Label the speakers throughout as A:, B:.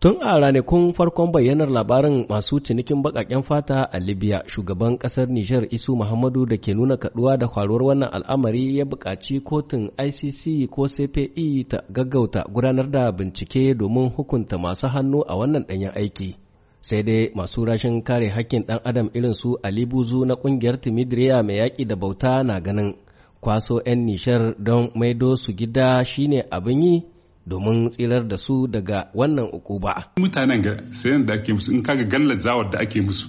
A: Tun a ranakun farkon bayyanar labarin masu cinikin baƙaƙen fata a Libya, shugaban ƙasar Nijar Isu Muhammadu da ke nuna kaduwa da faruwar wannan al'amari ya buƙaci kotun ICC ko CPE ta gaggauta gudanar da bincike domin hukunta masu hannu a wannan ɗanyen aiki. Sai dai masu rashin kare hakkin ɗan adam irin su Ali Buzu na ƙungiyar timidriya mai yaƙi da bauta na ganin kwaso 'yan Nishar don maido su gida shine abin yi domin tsirar da su daga
B: wannan ukuba. Mutanen ga sayan da ake musu in kaga zawar da ake musu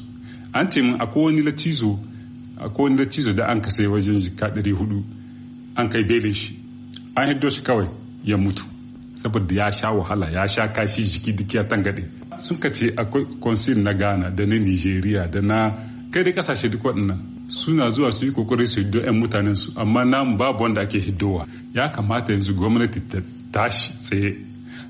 B: an ce min akwai wani lacizo akwai wani lacizo da an ka sai wajen jika ɗari hudu an kai belin shi an hiddo shi kawai ya mutu saboda ya sha wahala ya sha kashi jiki duk ya tangade sun ka ce akwai konsil na ghana da na nigeria da na kai dai kasashe duk waɗannan suna zuwa su yi kokarin su hiddo 'yan mutanen su amma namu babu wanda ake hiddowa ya kamata yanzu gwamnati ta tashi tsaye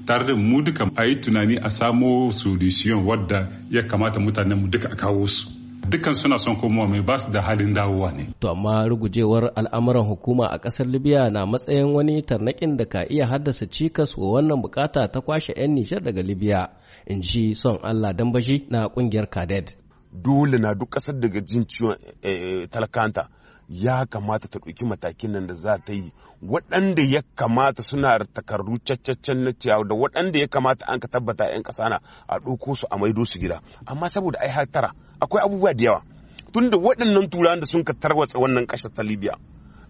B: tare da mu duka a yi tunani a samo solution wadda ya kamata mutanen mu duka a kawo su dukan suna son komowa mai basu da halin dawowa ne.
A: To amma rugujewar al'amuran hukuma a ƙasar Libya na matsayin wani tarnakin da ka iya haddasa cikas wa wannan bukata ta kwashe 'yan
C: nishar daga Libya, in ji son Allah Dambashi na ƙungiyar Kadet. dole na duk kasar daga jin ciwon eh, eh, talakanta ya kamata ta ɗauki matakin nan da za ta yi waɗanda ya kamata suna takardu caccaccen na ciyawa da waɗanda ya kamata an ka tabbata 'yan ƙasa na a ɗauko su a maido su gida amma saboda ai har tara akwai abubuwa da yawa tun da waɗannan turan da sun ka tarwatsa wannan ƙasar ta libya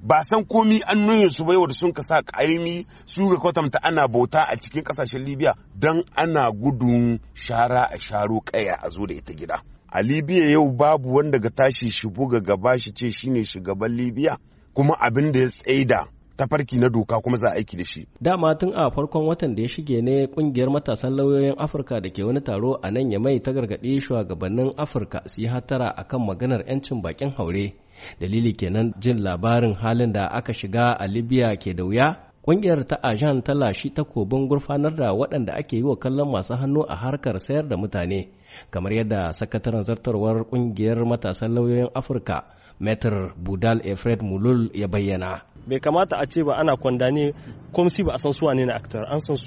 C: ba san komi an nuna su bai da sun ka sa ƙaimi su ga kwatanta ana bauta a cikin ƙasashen libya don ana gudun shara a sharo ƙaya a zo da ita gida a libya yau babu wanda ga tashi shi buga gaba shi ce shine shugaban libya kuma abin da ya tsaida tafarki na doka kuma za a aiki da shi.
A: Dama tun a farkon watan da ya shige ne kungiyar matasan lauyoyin Afirka da ke wani taro a nan ya mai ta gargaɗi shugabannin Afirka su yi hatara a kan maganar 'yancin bakin haure. Dalili kenan jin labarin halin da aka shiga a Libya ke da wuya Ƙungiyar ta Ajan ta lashi takobin gurfanar da waɗanda ake yi wa kallon masu hannu a harkar sayar da mutane, kamar yadda sakataren zartarwar ƙungiyar matasan lauyoyin Afirka, Metr Budal Efred Mulul ya bayyana. Bai
D: kamata a ce ba ana kwandane komsi ba a san suwa ne na aktar, an san su.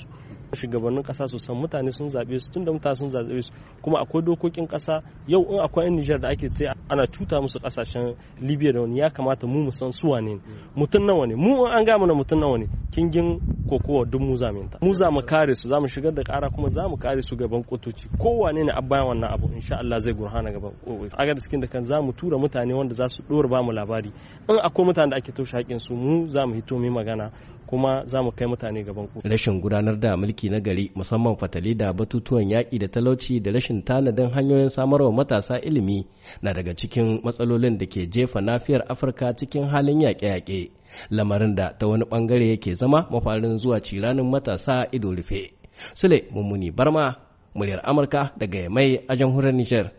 D: shugabannin kasa su san mutane sun zaɓe su tunda mutane sun zaɓe su kuma akwai dokokin kasa yau in akwai 'yan Nijar da ake ta ana cuta musu kasashen Libya da wani ya kamata mu mu san su wane mm. mutum nawa ne mu an ga mana mutum nawa ne kingin ko kowa duk mu yi ta mu za mu kare su za mu shigar da kara kuma za mu kare su gaban kotoci kowane ne abba wannan abu insha Allah zai gurhana gaban kowai a da cikin da kan za mu tura mutane wanda za su dora ba mu labari in akwai mutane da ake toshe hakin su mu za mu hito mai magana kuma za mu kai mutane gaban kotu.
A: Rashin gudanar da mulki na gari musamman fatali da batutuwan yaƙi da talauci da rashin tanadin hanyoyin samarwa matasa ilimi na daga cikin matsalolin da ke jefa nafiyar Afirka cikin halin yaƙe-yaƙe. lamarin da ta wani bangare yake zama mafarin zuwa ciranin matasa ido rufe sule mummuni barma muryar amurka daga mai a jamhuriyar nijar